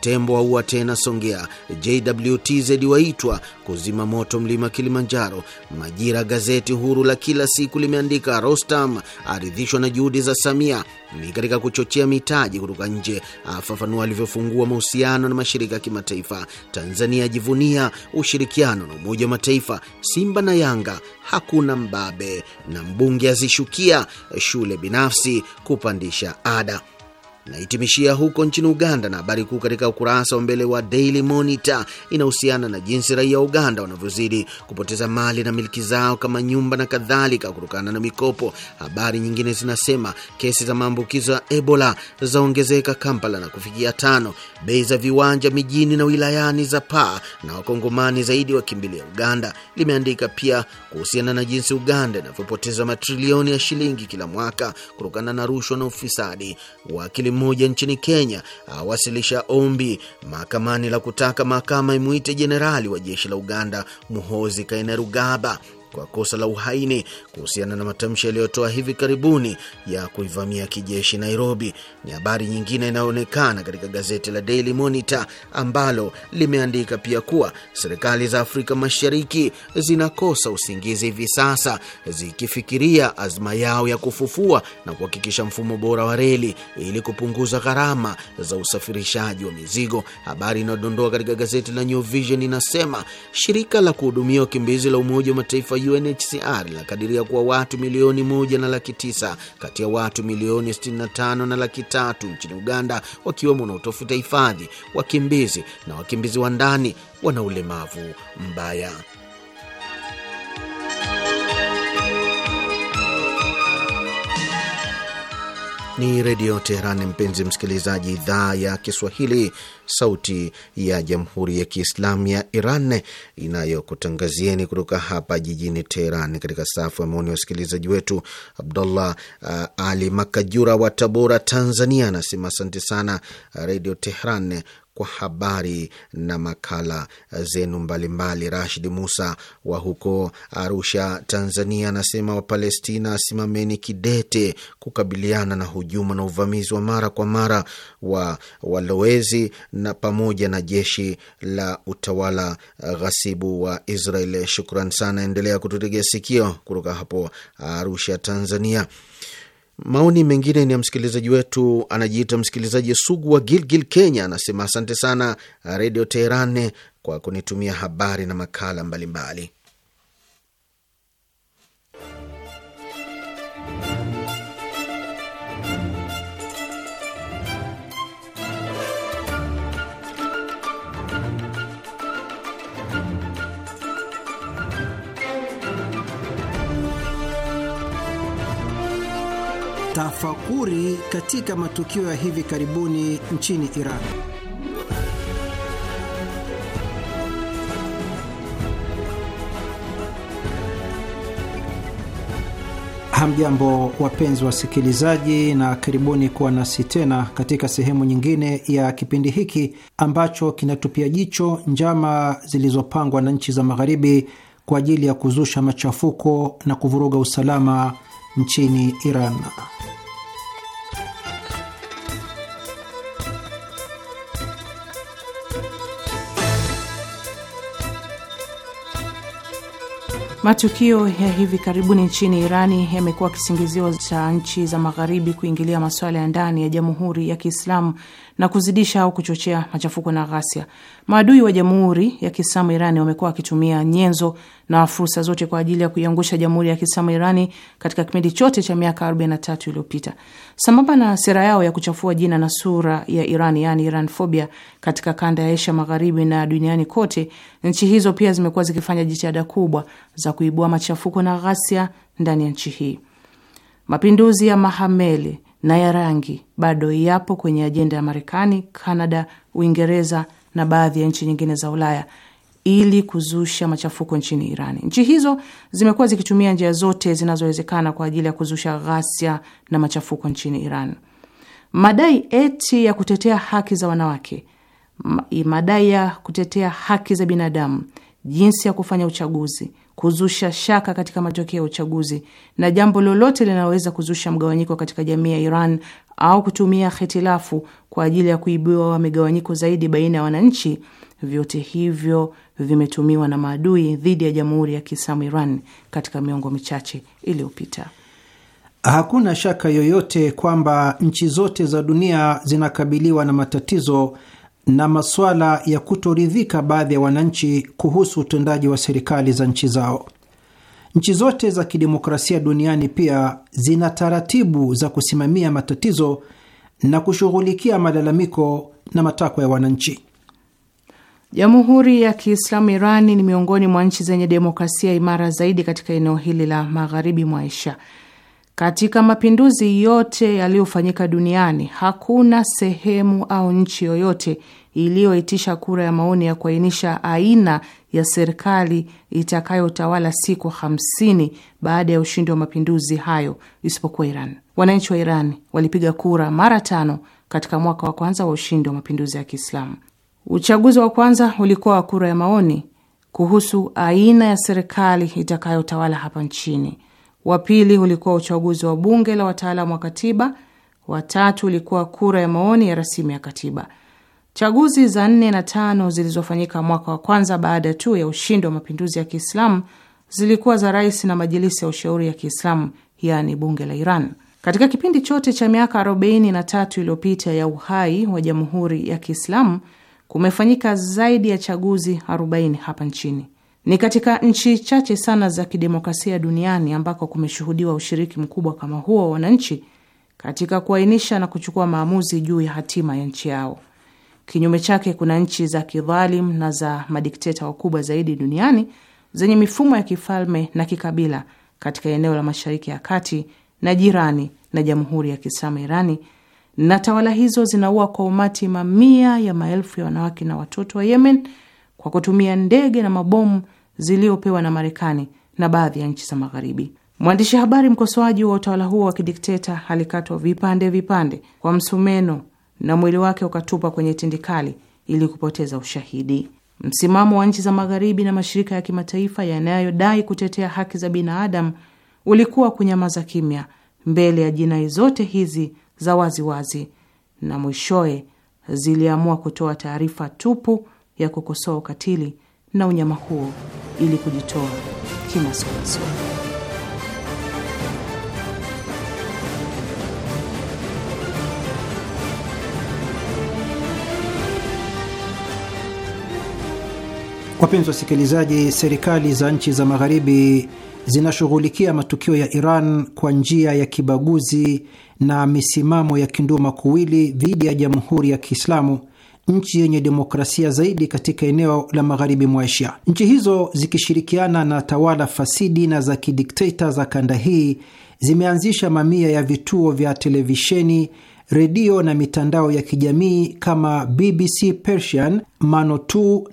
tembo waua tena Songea, JWTZ waitwa kuzima moto mlima Kilimanjaro. Majira, gazeti huru la kila siku, limeandika Rostam aridhishwa na juhudi za Samia ni katika kuchochea mitaji kutoka nje, afafanua alivyofungua mahusiano na mashirika ya kimataifa. Tanzania ajivunia ushirikiano na Umoja wa Mataifa, Simba na Yanga hakuna mbabe, na mbunge azishukia shule binafsi kupandisha ada. Nahitimishia huko nchini Uganda, na habari kuu katika ukurasa wa mbele wa Daily Monitor inahusiana na jinsi raia wa Uganda wanavyozidi kupoteza mali na milki zao kama nyumba na kadhalika kutokana na mikopo. Habari nyingine zinasema kesi za maambukizo ya Ebola zaongezeka Kampala na kufikia tano, bei za viwanja mijini na wilayani za paa, na wakongomani zaidi wakimbilia Uganda. Limeandika pia kuhusiana na jinsi Uganda inavyopoteza matrilioni ya shilingi kila mwaka kutokana na rushwa na ufisadi. Wakili mmoja nchini Kenya awasilisha ombi mahakamani la kutaka mahakama imwite jenerali wa jeshi la Uganda Muhozi Kainerugaba kwa kosa la uhaini kuhusiana na matamshi yaliyotoa hivi karibuni ya kuivamia kijeshi Nairobi. Ni habari nyingine inayoonekana katika gazeti la Daily Monitor ambalo limeandika pia kuwa serikali za Afrika Mashariki zinakosa usingizi hivi sasa zikifikiria azma yao ya kufufua na kuhakikisha mfumo bora wa reli ili kupunguza gharama za usafirishaji wa mizigo. Habari inayodondoa katika gazeti la New Vision inasema shirika la kuhudumia wakimbizi la Umoja wa Mataifa UNHCR linakadiria kuwa watu milioni moja na laki tisa kati ya watu milioni 65 na laki tatu nchini Uganda, wakiwemo wanaotafuta hifadhi, wakimbizi na wakimbizi wa ndani wana ulemavu mbaya. Ni Redio Teherani, mpenzi msikilizaji, idhaa ya Kiswahili, sauti ya jamhuri ya kiislamu ya Iran inayokutangazieni kutoka hapa jijini Teheran, katika safu ya maoni ya wasikilizaji wetu. Abdullah uh, Ali Makajura wa Tabora, Tanzania, anasema asante sana uh, Redio Tehran kwa habari na makala zenu mbalimbali. Rashid Musa wa huko Arusha, Tanzania, anasema Wapalestina asimameni kidete kukabiliana na hujuma na uvamizi wa mara kwa mara wa walowezi na pamoja na jeshi la utawala ghasibu wa Israel. Shukran sana, endelea kututegea sikio kutoka hapo Arusha, Tanzania. Maoni mengine ni ya msikilizaji wetu anajiita msikilizaji sugu wa Gilgil, Kenya. Anasema asante sana Redio Teheran kwa kunitumia habari na makala mbalimbali mbali. tafakuri katika matukio ya hivi karibuni nchini Iran. Hamjambo, wapenzi wasikilizaji, na karibuni kuwa nasi tena katika sehemu nyingine ya kipindi hiki ambacho kinatupia jicho njama zilizopangwa na nchi za Magharibi kwa ajili ya kuzusha machafuko na kuvuruga usalama nchini Iran. Matukio ya hivi karibuni nchini Irani yamekuwa kisingizio cha nchi za Magharibi kuingilia masuala ya ndani ya Jamhuri ya Kiislamu na kuzidisha au kuchochea machafuko na ghasia. Maadui wa Jamhuri ya Kiislamu Irani wamekuwa wakitumia nyenzo na fursa zote kwa ajili ya kuiangusha Jamhuri ya Kiislamu Irani katika kipindi chote cha miaka 43 iliyopita, sambamba na sera yao ya kuchafua jina na sura ya Iran, yani Iran phobia, katika kanda ya Asia Magharibi na duniani kote. Nchi hizo pia zimekuwa zikifanya jitihada kubwa za kuibua machafuko na ghasia ndani ya nchi hii. Mapinduzi ya Mahameli na ya rangi bado yapo kwenye ajenda ya Marekani, Kanada, Uingereza na baadhi ya nchi nyingine za Ulaya ili kuzusha machafuko nchini Irani. Nchi hizo zimekuwa zikitumia njia zote zinazowezekana kwa ajili ya kuzusha ghasia na machafuko nchini Iran. Madai eti ya kutetea haki za wanawake, madai ya kutetea haki za binadamu, jinsi ya kufanya uchaguzi, kuzusha shaka katika matokeo ya uchaguzi na jambo lolote linaloweza kuzusha mgawanyiko katika jamii ya Iran au kutumia hitilafu kwa ajili ya kuibua migawanyiko zaidi baina ya wananchi, vyote hivyo vimetumiwa na maadui dhidi ya Jamhuri ya Kiislamu Iran katika miongo michache iliyopita. Hakuna shaka yoyote kwamba nchi zote za dunia zinakabiliwa na matatizo na masuala ya kutoridhika baadhi ya wananchi kuhusu utendaji wa serikali za nchi zao. Nchi zote za kidemokrasia duniani pia zina taratibu za kusimamia matatizo na kushughulikia malalamiko na matakwa ya wananchi. Jamhuri ya Kiislamu Irani ni miongoni mwa nchi zenye demokrasia imara zaidi katika eneo hili la magharibi mwa Asia. Katika mapinduzi yote yaliyofanyika duniani hakuna sehemu au nchi yoyote iliyoitisha kura ya maoni ya kuainisha aina ya serikali itakayotawala siku hamsini baada ya ushindi wa mapinduzi hayo isipokuwa Iran. Wananchi wa Iran walipiga kura mara tano katika mwaka wa kwanza wa ushindi wa mapinduzi ya Kiislamu. Uchaguzi wa kwanza ulikuwa wa kura ya maoni kuhusu aina ya serikali itakayotawala hapa nchini wa pili ulikuwa uchaguzi wa bunge la wataalamu wa katiba, wa tatu ulikuwa kura ya maoni ya rasimu ya katiba. Chaguzi za nne na tano zilizofanyika mwaka wa kwanza baada tu ya ushindi wa mapinduzi ya Kiislamu zilikuwa za rais na majilisi ya ushauri ya Kiislamu, yaani bunge la Iran. Katika kipindi chote cha miaka 43 iliyopita ya uhai wa jamhuri ya Kiislamu kumefanyika zaidi ya chaguzi 40 hapa nchini. Ni katika nchi chache sana za kidemokrasia duniani ambako kumeshuhudiwa ushiriki mkubwa kama huo wa wananchi katika kuainisha na kuchukua maamuzi juu ya hatima ya nchi yao. Kinyume chake, kuna nchi za kidhalim na za madikteta wakubwa zaidi duniani zenye mifumo ya kifalme na kikabila katika eneo la Mashariki ya Kati na jirani na Jamhuri ya Kiislamu Irani, na tawala hizo zinaua kwa umati mamia ya maelfu ya wanawake na watoto wa Yemen kwa kutumia ndege na mabomu ziliyopewa na Marekani na baadhi ya nchi za Magharibi. Mwandishi habari mkosoaji wa utawala huo wa kidikteta alikatwa vipande vipande kwa msumeno na mwili wake ukatupa kwenye tindikali ili kupoteza ushahidi. Msimamo wa nchi za Magharibi na mashirika ya kimataifa yanayodai kutetea haki za binadamu ulikuwa kunyamaza kimya mbele ya jinai zote hizi za waziwazi wazi, na mwishowe ziliamua kutoa taarifa tupu ya kukosoa ukatili na unyama huo ili kujitoa kimasomasomo. Wapenzi wasikilizaji, serikali za nchi za Magharibi zinashughulikia matukio ya Iran kwa njia ya kibaguzi na misimamo ya kinduma kuwili dhidi ya Jamhuri ya Kiislamu nchi yenye demokrasia zaidi katika eneo la magharibi mwa Asia. Nchi hizo zikishirikiana na tawala fasidi na za kidikteta za kanda hii zimeanzisha mamia ya vituo vya televisheni, redio na mitandao ya kijamii kama BBC Persian, Mano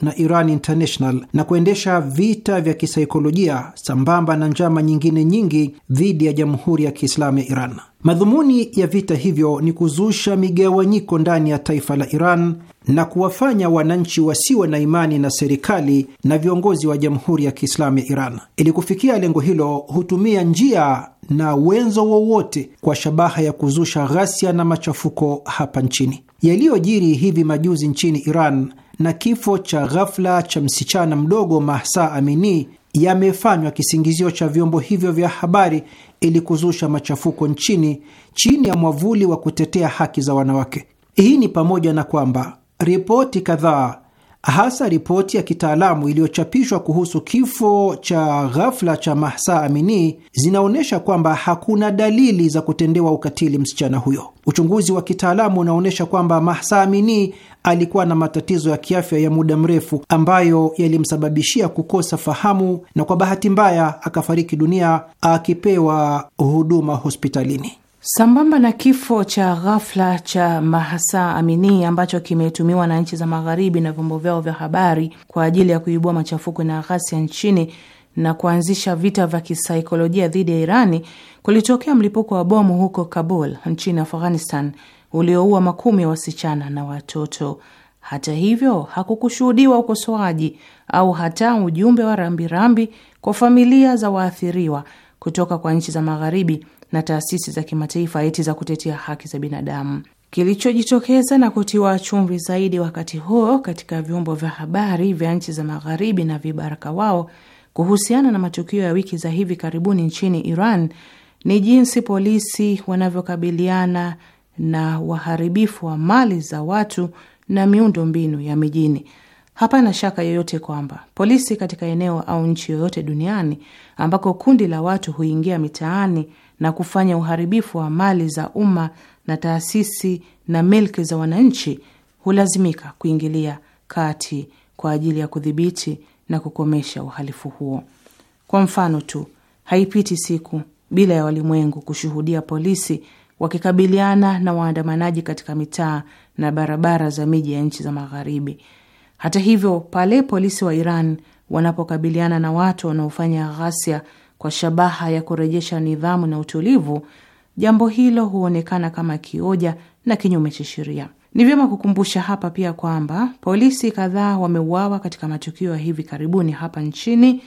na Iran International na kuendesha vita vya kisaikolojia sambamba na njama nyingine nyingi dhidi ya Jamhuri ya Kiislamu ya Iran. Madhumuni ya vita hivyo ni kuzusha migawanyiko ndani ya taifa la Iran na kuwafanya wananchi wasiwe na imani na serikali na viongozi wa Jamhuri ya Kiislamu ya Iran. Ili kufikia lengo hilo, hutumia njia na wenzo wowote kwa shabaha ya kuzusha ghasia na machafuko hapa nchini. Yaliyojiri hivi majuzi nchini Iran na kifo cha ghafla cha msichana mdogo Mahsa Amini yamefanywa kisingizio cha vyombo hivyo vya habari ili kuzusha machafuko nchini chini ya mwavuli wa kutetea haki za wanawake. Hii ni pamoja na kwamba ripoti kadhaa hasa ripoti ya kitaalamu iliyochapishwa kuhusu kifo cha ghafla cha Mahsa Amini zinaonyesha kwamba hakuna dalili za kutendewa ukatili msichana huyo. Uchunguzi wa kitaalamu unaonyesha kwamba Mahsa Amini alikuwa na matatizo ya kiafya ya muda mrefu ambayo yalimsababishia kukosa fahamu na kwa bahati mbaya akafariki dunia akipewa huduma hospitalini. Sambamba na kifo cha ghafla cha Mahsa Amini ambacho kimetumiwa na nchi za Magharibi na vyombo vyao vya habari kwa ajili ya kuibua machafuko na ghasia nchini na kuanzisha vita vya kisaikolojia dhidi ya Irani, kulitokea mlipuko wa bomu huko Kabul nchini Afghanistan ulioua makumi ya wasichana na watoto. Hata hivyo, hakukushuhudiwa ukosoaji au hata ujumbe wa rambirambi kwa familia za waathiriwa kutoka kwa nchi za Magharibi na taasisi za kimataifa eti za kutetea haki za binadamu. Kilichojitokeza na kutiwa chumvi zaidi wakati huo katika vyombo vya habari vya nchi za Magharibi na vibaraka wao kuhusiana na matukio ya wiki za hivi karibuni nchini Iran ni jinsi polisi wanavyokabiliana na waharibifu wa mali za watu na miundo mbinu ya mijini. Hapana shaka yoyote kwamba polisi katika eneo au nchi yoyote duniani ambako kundi la watu huingia mitaani na kufanya uharibifu wa mali za umma na taasisi na milki za wananchi, hulazimika kuingilia kati kwa ajili ya kudhibiti na kukomesha uhalifu huo. Kwa mfano tu, haipiti siku bila ya walimwengu kushuhudia polisi wakikabiliana na waandamanaji katika mitaa na barabara za miji ya nchi za Magharibi. Hata hivyo, pale polisi wa Iran wanapokabiliana na watu wanaofanya ghasia kwa shabaha ya kurejesha nidhamu na utulivu, jambo hilo huonekana kama kioja na kinyume cha sheria. Ni vyema kukumbusha hapa pia kwamba polisi kadhaa wameuawa katika matukio ya hivi karibuni hapa nchini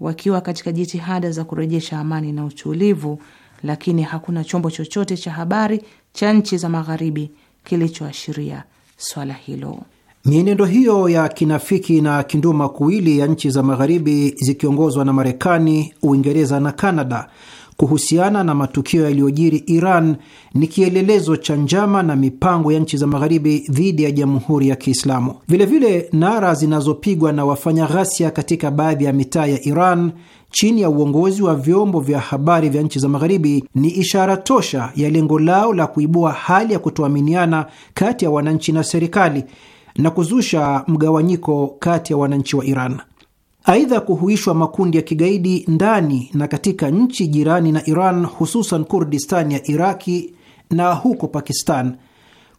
wakiwa katika jitihada za kurejesha amani na utulivu, lakini hakuna chombo chochote cha habari cha nchi za magharibi kilichoashiria swala hilo. Mienendo hiyo ya kinafiki na kinduma kuwili ya nchi za Magharibi zikiongozwa na Marekani, Uingereza na Kanada kuhusiana na matukio yaliyojiri Iran ni kielelezo cha njama na mipango ya nchi za Magharibi dhidi ya Jamhuri ya Kiislamu. Vilevile, nara zinazopigwa na wafanya ghasia katika baadhi ya mitaa ya Iran chini ya uongozi wa vyombo vya habari vya nchi za Magharibi ni ishara tosha ya lengo lao la kuibua hali ya kutoaminiana kati ya wananchi na serikali na kuzusha mgawanyiko kati ya wananchi wa Iran. Aidha, kuhuishwa makundi ya kigaidi ndani na katika nchi jirani na Iran, hususan Kurdistan ya Iraki na huko Pakistan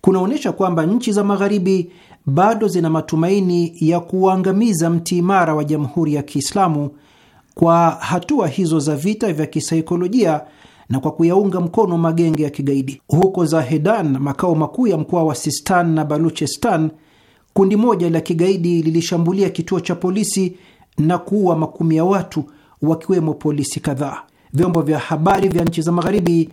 kunaonyesha kwamba nchi za Magharibi bado zina matumaini ya kuangamiza mti imara wa Jamhuri ya Kiislamu kwa hatua hizo za vita vya kisaikolojia na kwa kuyaunga mkono magenge ya kigaidi. Huko Zahedan, makao makuu ya mkoa wa Sistan na Baluchestan, Kundi moja la kigaidi lilishambulia kituo cha polisi na kuua makumi ya watu wakiwemo polisi kadhaa. Vyombo vya habari vya nchi za magharibi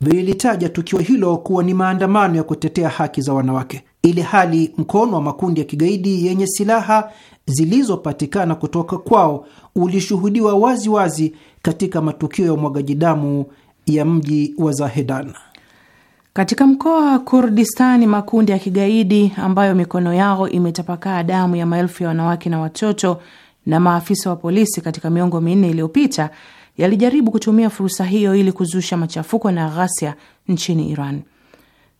vilitaja tukio hilo kuwa ni maandamano ya kutetea haki za wanawake, ili hali mkono wa makundi ya kigaidi yenye silaha zilizopatikana kutoka kwao ulishuhudiwa waziwazi katika matukio ya umwagaji damu ya mji wa Zahedan. Katika mkoa wa Kurdistani makundi ya kigaidi ambayo mikono yao imetapakaa damu ya maelfu ya wanawake na watoto na maafisa wa polisi katika miongo minne iliyopita yalijaribu kutumia fursa hiyo ili kuzusha machafuko na ghasia nchini Iran.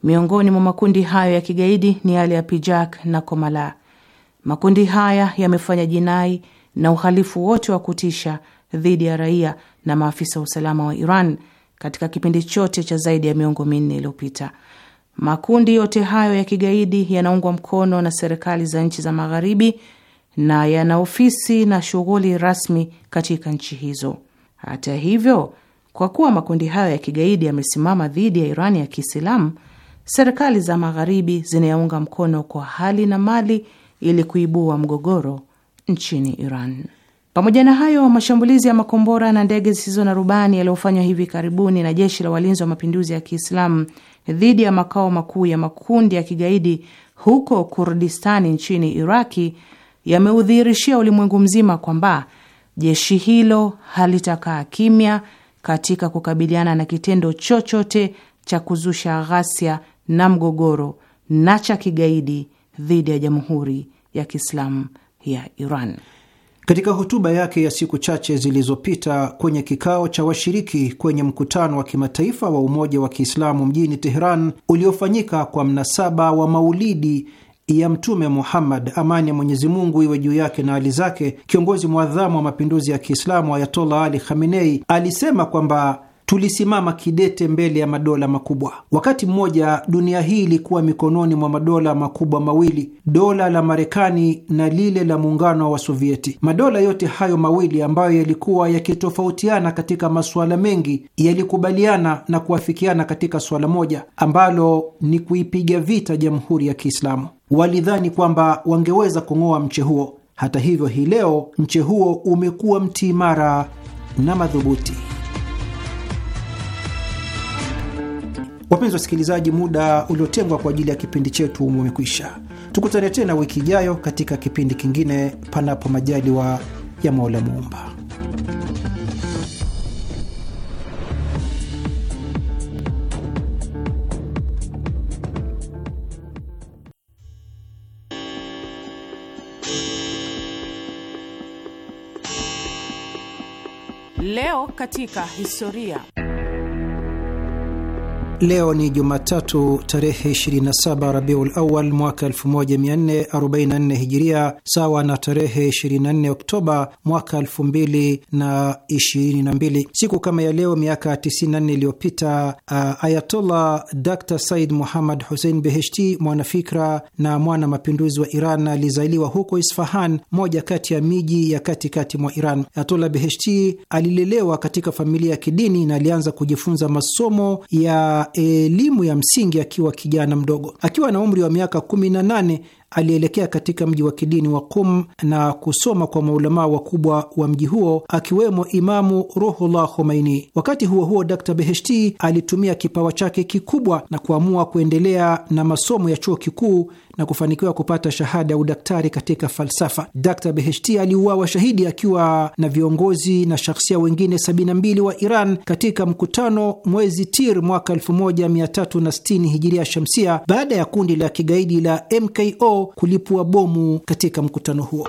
Miongoni mwa makundi hayo ya kigaidi ni yale ya Pijak na Komala. Makundi haya yamefanya jinai na uhalifu wote wa kutisha dhidi ya raia na maafisa wa usalama wa Iran katika kipindi chote cha zaidi ya miongo minne iliyopita. Makundi yote hayo ya kigaidi yanaungwa mkono na serikali za nchi za Magharibi na yana ofisi na shughuli rasmi katika nchi hizo. Hata hivyo, kwa kuwa makundi hayo ya kigaidi yamesimama dhidi ya Irani ya Kiislamu, serikali za Magharibi zinayaunga mkono kwa hali na mali ili kuibua mgogoro nchini Iran. Pamoja na hayo, mashambulizi ya makombora na ndege zisizo na rubani yaliyofanywa hivi karibuni na jeshi la walinzi wa mapinduzi ya Kiislamu dhidi ya makao makuu ya makundi ya kigaidi huko Kurdistani nchini Iraki yameudhihirishia ulimwengu mzima kwamba jeshi hilo halitakaa kimya katika kukabiliana na kitendo chochote cha kuzusha ghasia na mgogoro na cha kigaidi dhidi ya Jamhuri ya Kiislamu ya Iran. Katika hotuba yake ya siku chache zilizopita kwenye kikao cha washiriki kwenye mkutano wa kimataifa wa umoja wa Kiislamu mjini Teheran uliofanyika kwa mnasaba wa maulidi ya Mtume Muhammad, amani ya Mwenyezi Mungu iwe juu yake na hali zake, kiongozi mwadhamu wa mapinduzi ya Kiislamu Ayatollah Ali Khamenei alisema kwamba tulisimama kidete mbele ya madola makubwa. Wakati mmoja dunia hii ilikuwa mikononi mwa madola makubwa mawili, dola la Marekani na lile la muungano wa Sovieti. Madola yote hayo mawili ambayo yalikuwa yakitofautiana katika masuala mengi, yalikubaliana na kuafikiana katika suala moja ambalo ni kuipiga vita Jamhuri ya Kiislamu. Walidhani kwamba wangeweza kung'oa mche huo. Hata hivyo, hii leo mche huo umekuwa mti imara na madhubuti. Wapenzi wasikilizaji, muda uliotengwa kwa ajili ya kipindi chetu umekwisha. Tukutane tena wiki ijayo katika kipindi kingine, panapo majaliwa ya Mola Muumba. Leo katika historia Leo ni Jumatatu tarehe 27 Rabiul Awal mwaka 1444 Hijiria, sawa na tarehe 24 Oktoba mwaka 2022. Siku kama ya leo miaka 94 iliyopita, uh, Ayatollah Dr Said Muhammad Hussein Beheshti, mwanafikra na mwana mapinduzi wa Iran, alizaliwa huko Isfahan, moja kati ya miji ya katikati mwa Iran. Ayatollah Beheshti alilelewa katika familia ya kidini na alianza kujifunza masomo ya elimu ya msingi akiwa kijana mdogo. Akiwa na umri wa miaka kumi na nane alielekea katika mji wa kidini wa Qum na kusoma kwa maulamaa wakubwa wa mji huo akiwemo Imamu Ruhullah Khomeini. Wakati huo huo, Dr Beheshti alitumia kipawa chake kikubwa na kuamua kuendelea na masomo ya chuo kikuu na kufanikiwa kupata shahada ya udaktari katika falsafa. Dr Beheshti aliuawa shahidi akiwa na viongozi na shakhsia wengine 72 wa Iran katika mkutano mwezi Tir mwaka 1360 hijiria shamsia baada ya kundi la kigaidi la MKO kulipua bomu katika mkutano huo.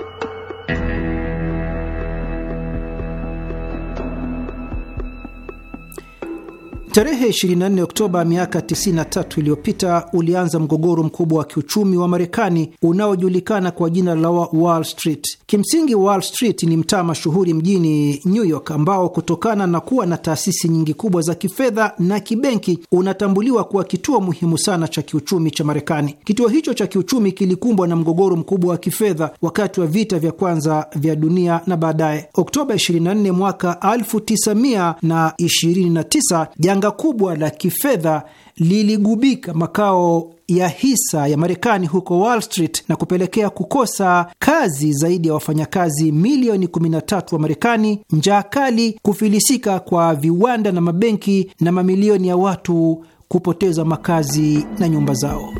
Tarehe 24 Oktoba miaka 93 iliyopita ulianza mgogoro mkubwa wa kiuchumi wa Marekani unaojulikana kwa jina la Wall Street. Kimsingi, Wall Street ni mtaa mashuhuri mjini New York ambao kutokana na kuwa na taasisi nyingi kubwa za kifedha na kibenki unatambuliwa kuwa kituo muhimu sana cha kiuchumi cha Marekani. Kituo hicho cha kiuchumi kilikumbwa na mgogoro mkubwa wa kifedha wakati wa vita vya kwanza vya dunia na baadaye. Oktoba 24 mwaka 1929 janga kubwa la kifedha liligubika makao ya hisa ya Marekani huko Wall Street na kupelekea kukosa kazi zaidi ya wafanyakazi milioni 13 wa Marekani, njaa kali, kufilisika kwa viwanda na mabenki, na mamilioni ya watu kupoteza makazi na nyumba zao.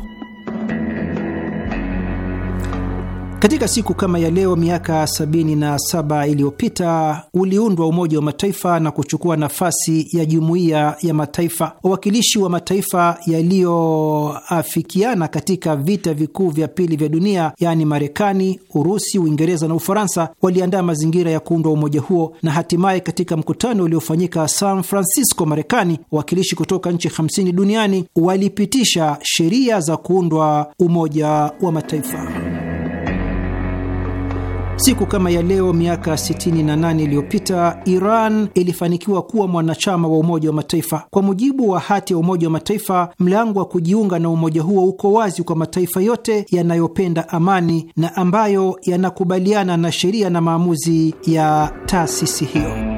Katika siku kama ya leo miaka 77 iliyopita uliundwa Umoja wa Mataifa na kuchukua nafasi ya Jumuiya ya Mataifa. Wawakilishi wa mataifa yaliyoafikiana katika vita vikuu vya pili vya dunia, yaani Marekani, Urusi, Uingereza na Ufaransa, waliandaa mazingira ya kuundwa umoja huo, na hatimaye katika mkutano uliofanyika San Francisco, Marekani, wawakilishi kutoka nchi 50 duniani walipitisha sheria za kuundwa Umoja wa Mataifa. Siku kama ya leo miaka 68 iliyopita Iran ilifanikiwa kuwa mwanachama wa Umoja wa Mataifa. Kwa mujibu wa hati ya Umoja wa Mataifa, mlango wa kujiunga na umoja huo uko wazi kwa mataifa yote yanayopenda amani na ambayo yanakubaliana na sheria na maamuzi ya taasisi hiyo.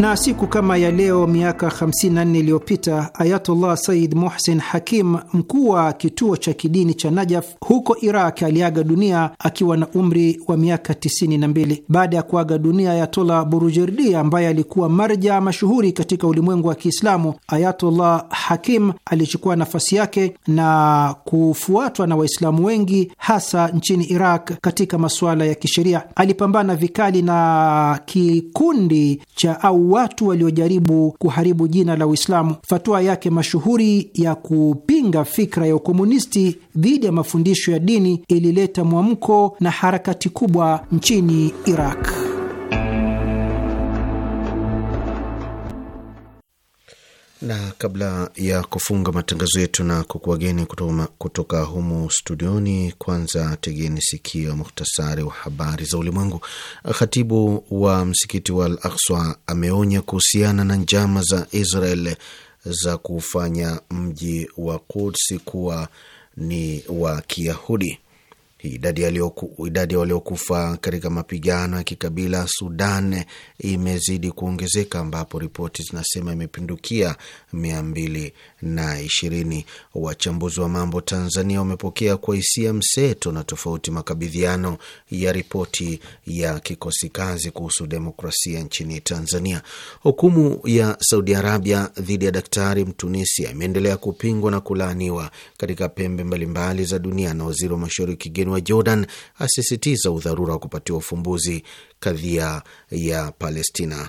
Na siku kama ya leo miaka 54 iliyopita Ayatullah Said Muhsin Hakim, mkuu wa kituo cha kidini cha Najaf huko Iraq, aliaga dunia akiwa na umri wa miaka 92. Baada ya kuaga dunia Ayatullah Burujerdi, ambaye alikuwa marja mashuhuri katika ulimwengu wa Kiislamu, Ayatullah Hakim alichukua nafasi yake na kufuatwa na Waislamu wengi, hasa nchini Iraq katika masuala ya kisheria. Alipambana vikali na kikundi cha au watu waliojaribu kuharibu jina la Uislamu. Fatua yake mashuhuri ya kupinga fikra ya ukomunisti dhidi ya mafundisho ya dini ilileta mwamko na harakati kubwa nchini Iraq. na kabla ya kufunga matangazo yetu na kukuwageni kutoka, kutoka humu studioni, kwanza tegeni sikio muhtasari wa habari za ulimwengu. Khatibu wa msikiti wa Al Akswa ameonya kuhusiana na njama za Israel za kufanya mji wa Kudsi kuwa ni wa Kiyahudi. Idadi ya waliokufa katika mapigano ya kikabila Sudan imezidi kuongezeka ambapo ripoti zinasema imepindukia mia mbili na ishirini. Wachambuzi wa mambo Tanzania wamepokea kwa hisia mseto na tofauti makabidhiano ya ripoti ya kikosi kazi kuhusu demokrasia nchini Tanzania. Hukumu ya Saudi Arabia dhidi ya daktari Mtunisia imeendelea kupingwa na kulaaniwa katika pembe mbalimbali za dunia na waziri wa mashauri kigeni Kizayuni wa Jordan asisitiza udharura wa kupatiwa ufumbuzi kadhia ya Palestina.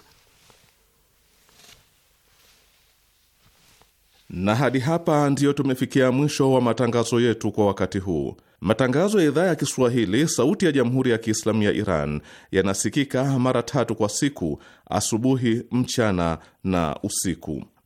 Na hadi hapa ndiyo tumefikia mwisho wa matangazo yetu kwa wakati huu. Matangazo ya idhaa ya Kiswahili sauti ya jamhuri ya Kiislamu ya Iran yanasikika mara tatu kwa siku: asubuhi, mchana na usiku.